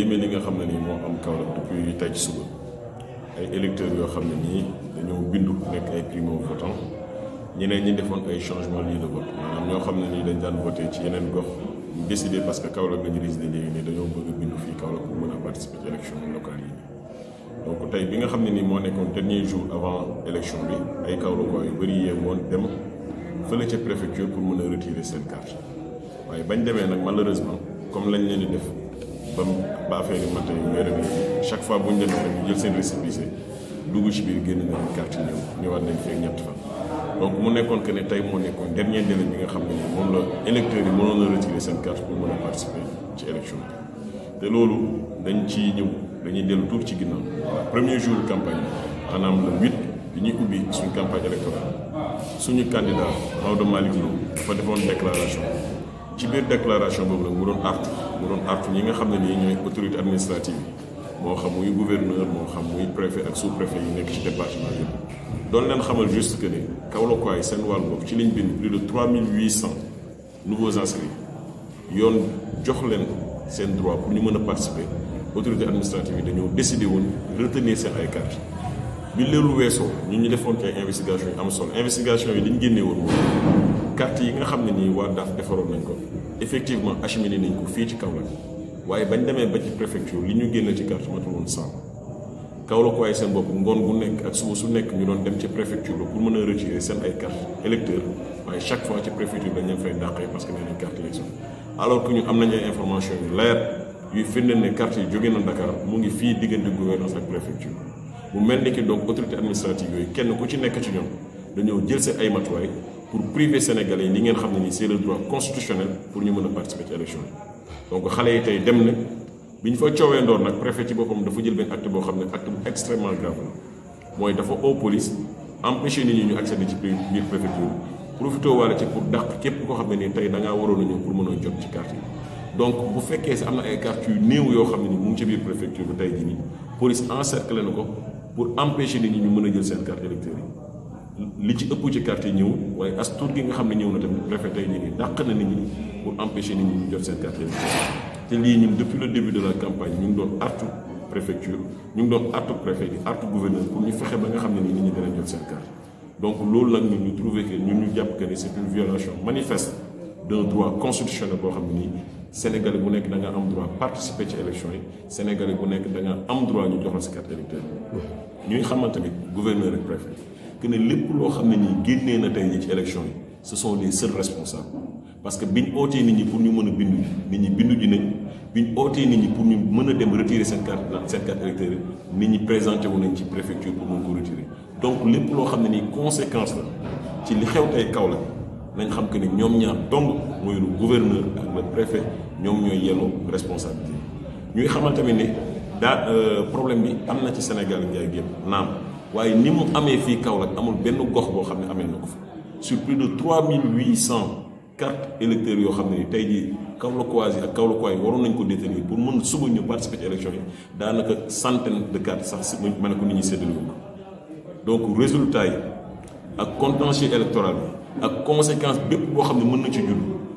yéeme li nga xam ne nii moo am Kaolack depuis tey ci suba ay électeurs yoo xam ne nii dañoo bindu nekk ay primo votant ñeneen ñi defoon ay changement lieu de vote maanaam ñoo xam ne nii dañ daan voté ci yeneen gox ñu décidé parce que Kaolack lañu résidé léegi nii dañoo bëgg bindu fii Kaolack pour mën a participer ci élection locale yi donc tey bi nga xam ne nii moo nekkoon dernier jour avant élection bi ay Kaolackois yu bëri yee woon dem fële ca préfecture pour waaye bañ demee nag malheureusement comme lañ leen di def ba ba affaire yi mate mairie bi chaque fois bu ñu demee rek ñu jël seen récépissé dugg ci biir génn nañu carte ñëw ñëwaat nañ feeg ñett fan. donc mu nekkoon que ne tey moo nekkoon dernier délai bi nga xam ne moom la électeurs yi mënoon a retirer seen carte pour mën a participer ci élection te loolu dañ ci ñëw dañuy dellu tuuti ci ginnaaw premier jour campagne maanaam le huit bi ñuy ubbi suñu campagne électorale suñu candidat Maodo Malick Lo dafa defoon déclaration. ci biir déclaration boobu la mu doon artu mu doon artu ñi nga xam ne nii ñooy autorité administrative yi moo xam muy gouverneur moo xam muy préfet ak sous préfet yi nekk ci département yëpp doon leen xamal juste que ni Kaolackois seen wàll boobu ci liñ bind plus de 3800 nouveaux inscrits yoon jox leen seen droit pour ñu mën a participer autorité administrative yi dañoo décidé woon retenir seen ay carte bi léelu weesoo ñun ñu defoon ay investigation yu am solo investigation yi li ñu woon carte yi nga xam ne nii waa DAF defaroon nañ ko effectivement acheminé nañ ko fii ci Kaolack waaye bañ demee ba ci préfecture li ñu génn ci carte matul woon sànq Kaolack waaye seen bopp ngoon bu nekk ak suba su nekk ñu doon dem ci préfecture la pour mën a retirer seen ay carte électeur waaye chaque fois ci préfecture dañ leen fay dàqee parce que nee nañ carte élection alors ñu am nañ ay information yu leer yuy firndeel ne carte yi jóge na Dakar mu ngi fii diggante gouvernance ak préfecture mel ni ki donc autorité administrative yooyu kenn ku ci nekk ci ñoom dañoo jël seen ay matuwaay pour priver sénégalais yi li ngeen xam ne nii c'est le droit constitutionnel pour ñu mën a participer ci élection yi donc xale yi tey dem na bi ñu fa coowee ndoor nag préfet ci boppam dafa jël benn act boo xam ne acte bu extrêmement grave la mooy dafa au police empêcher nit ñi ñu accéder ci biir préfecture profité waale ci pour dàq képp koo xam ne nii tey da ngaa waroon a ñëw pour mën a jot ci carte yi donc bu fekkee si am na ay carte yu néew yoo xam ne ni mu ngi ci biir préfecture bi tey jii nii police encerclé na ko pour empêcher nit ñu mën a jël seen carte électeur yi li ci ëpp ci carte yi ñëw waaye as tuut gi nga xam ne ñëw na tamit préfet tey ñu ngi dàq na nit ñi pour empêcher nit ñi ñu jot seen carte yi te lii ñun depuis le début de la campagne ñu ngi doon artu préfecture ñu ngi doon artu préfet di artu gouverneur pour ñu fexe ba nga xam ne nii nit ñi danañ jot seen carte donc loolu nag ñun ñu trouvé que ñun ñu jàpp que ni c'est une violation manifeste d'un droit constitutionnel boo xam ne nii Sénégalais bu nekk da nga am droit participer ci élection yi Sénégalais bu nekk da nga am droit ñu jox la sa carte électeur ñuy xamal tamit gouverneur ak préfet que ne lépp loo xam ne nii génnee na tey ñi ci élection yi ce sont les seuls responsables parce que biñ ootee nit ñi pour ñu mën a bindu nit ñi bindu ji nañ biñ ootee nit ñi pour ñu mën a dem retirer seen carte seen carte électeur nit ñi présenté wu nañ ci préfecture pour mën ko retirer donc lépp loo xam ne nii conséquence la ci li xew tey kaw la nañ xam que ni ñoom ñaar dong mooy le gouverneur ak le préfet ñoom ñooy yelloo responsabilité ñuy xamal tamit ni daa euh, problème bi am na ci Sénégal njaay gépp naam waaye ni mu amee fii kaw Kaolack amul benn gox boo xam ne amee na ko fa sur plus de cent cartes électeurs yoo xam ne ni tey jii Kaolackois yi ak Kaolackois yi waroon nañ ko détenir pour mën suba ñu participer ci élection yi daanaka centaine de cartes sax si mën ko nit ñi séddale ko résultat yi ak contentieux électoral ak conséquence bépp boo xam ne mën na ci judd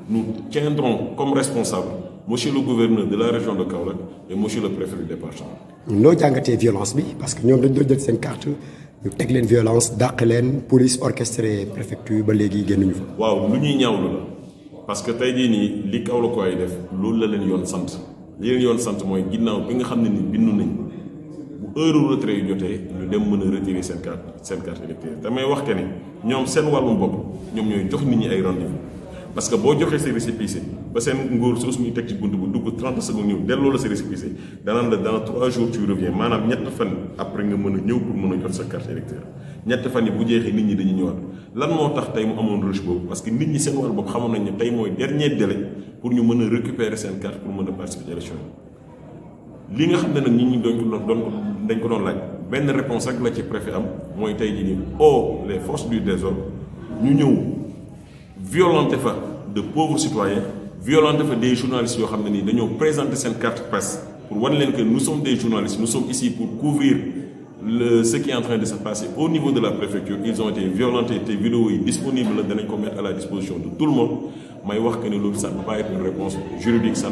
nous tiendrons comme responsable monsieur le gouverneur de la région de Kaolack et monsieur le préfet du département. noo jàngatee violence bi parce que ñoom dañ doon jël seen carte ñu teg leen violence dàq leen police orchestré préfecture ba léegi génnuñu fa. waaw lu ñuy ñaawlu la parce que tey jii nii li Kaolack ay def loolu la leen yoon sant li leen yoon sant mooy ginnaaw bi nga xam ne ni bindu nañ. heure retrait yu jotee ñu dem mën a retirer seen carte seen carte électeur damay wax que ñoom seen wàllum bopp ñoom ñooy jox nit ñi ay rendez-vous parce que boo joxee sa récépissé ba seen nguur su ñu teg ci bunt bu dugg 30 secondes ñëw delloo la sa récépissé danaan la dans 3 jours tu reviens maanaam ñett fan après nga mën a ñëw pour mën a jot sa carte électeur ñett fan yi bu jeexee nit ñi dañu ñëwaat lan moo tax tey mu amoon rush boobu parce que nit ñi seen wàllu bopp xamoon nañ ne tey mooy dernier délai pour ñu mën a nga xam ne nag ñi ñi doon ko doon dañ ko doon laaj benn réponse rek la ci préfet am mooy tey jii nii oh les forces du désordre ñu ñëw violenté fa de pauvres citoyens violenté fa des journalistes yoo xam ne nii dañoo présenter seen carte presse pour wan leen que nous sommes des journalistes nous pour couvrir le ce qui de se passer au niveau de la préfecture ils ont été violentés te vidéo yi disponible la danañ ko mettre à la disposition de tout le monde may wax que ne loolu ça ne peut pas être une réponse juridique ça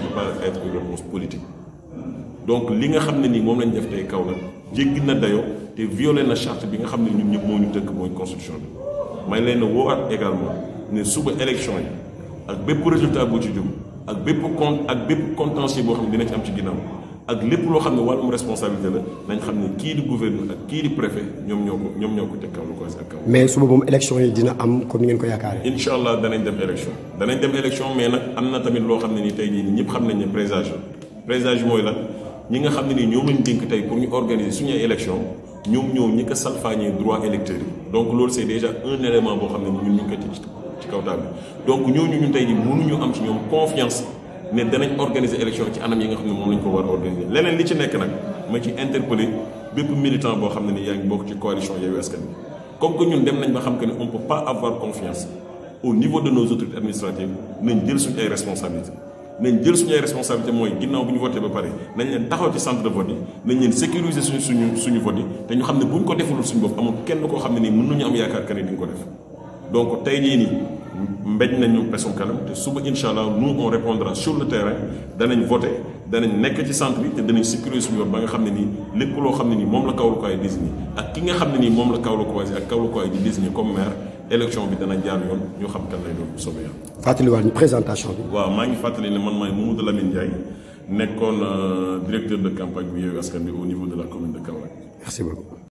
donc li nga xam ne nii moom lañ def tey kaw nag jéggi na dayo te violé na charte bi nga xam ne ñun ñëpp moo ñu tënk mooy constitution bi may leen woowaat également ne suba élection yi ak bépp résultat boo ci jub ak bépp con ak bépp contentieux boo xam ne dina ci am ci ginnaaw ak lépp loo xam ne wàllum responsabilité la nañ xam ne kii di gouverneur ak kii di préfet ñoom ñoo ko ñoom ñoo ko teg kaw lu ko ak kaw. mais suba moom élection yi dina incha allah danañ dem élection danañ dem élection mais nag am na tamit loo xam ne ni tey jii ñëpp xam nañ ne présage mooy lan ñi nga xam ne nii ñoom lañ dénk tey pour ñu organiser suñu élection ñoom ñoom ñi ko salfaañee droit électeur yi donc loolu c'est déjà un élément boo xam ne ñun ñu ngi ko ci ci kaw taal bi donc ñooñu ñun tey jii ñu am ci ñoom confiance ne danañ organiser élection ci anam yi nga xam ne moom lañ ko war a leneen li ci nekk nag ma ci interpeller bépp militant boo xam ne ni yaa ngi bokk ci coalition Yewwi Askan Wi comme que ñun dem nañ ba xam que ne on peut pas avoir confiance au niveau de nos autorités nañ jël suñu ay responsabilité mooy ginnaaw bu ñu voté ba pare nañ leen taxaw ci centre de vote yi leen sécuriser suñu suñu suñu vote te ñu xam ne bu ñu ko defalul suñu bopp amul kenn koo xam ne nii mën nañu am yaakaar que ne di nga ko def donc tey jii nii mbéj nañu pesum kanam te suba incha allah nous on répondra sur le terrain danañ voté danañ nekk ci centre bi te danañ sécuriser suñu bopp ba nga xam ne nii lépp loo xam ne nii moom la Kaolack ay désigné nga xam ne nii moom la Kaolack ak Kaolack ay di désigné comme maire élection bi dana jaar yoon ñu xam kan lay doon bu soobee ñu présentation bi. waaw maa ngi fàttali ne man maay Mamadou Lamine Ndiaye nekkoon euh, directeur de campagne bi Yewwi Askan Wi au niveau de la commune de Kaolack. merci beaucoup.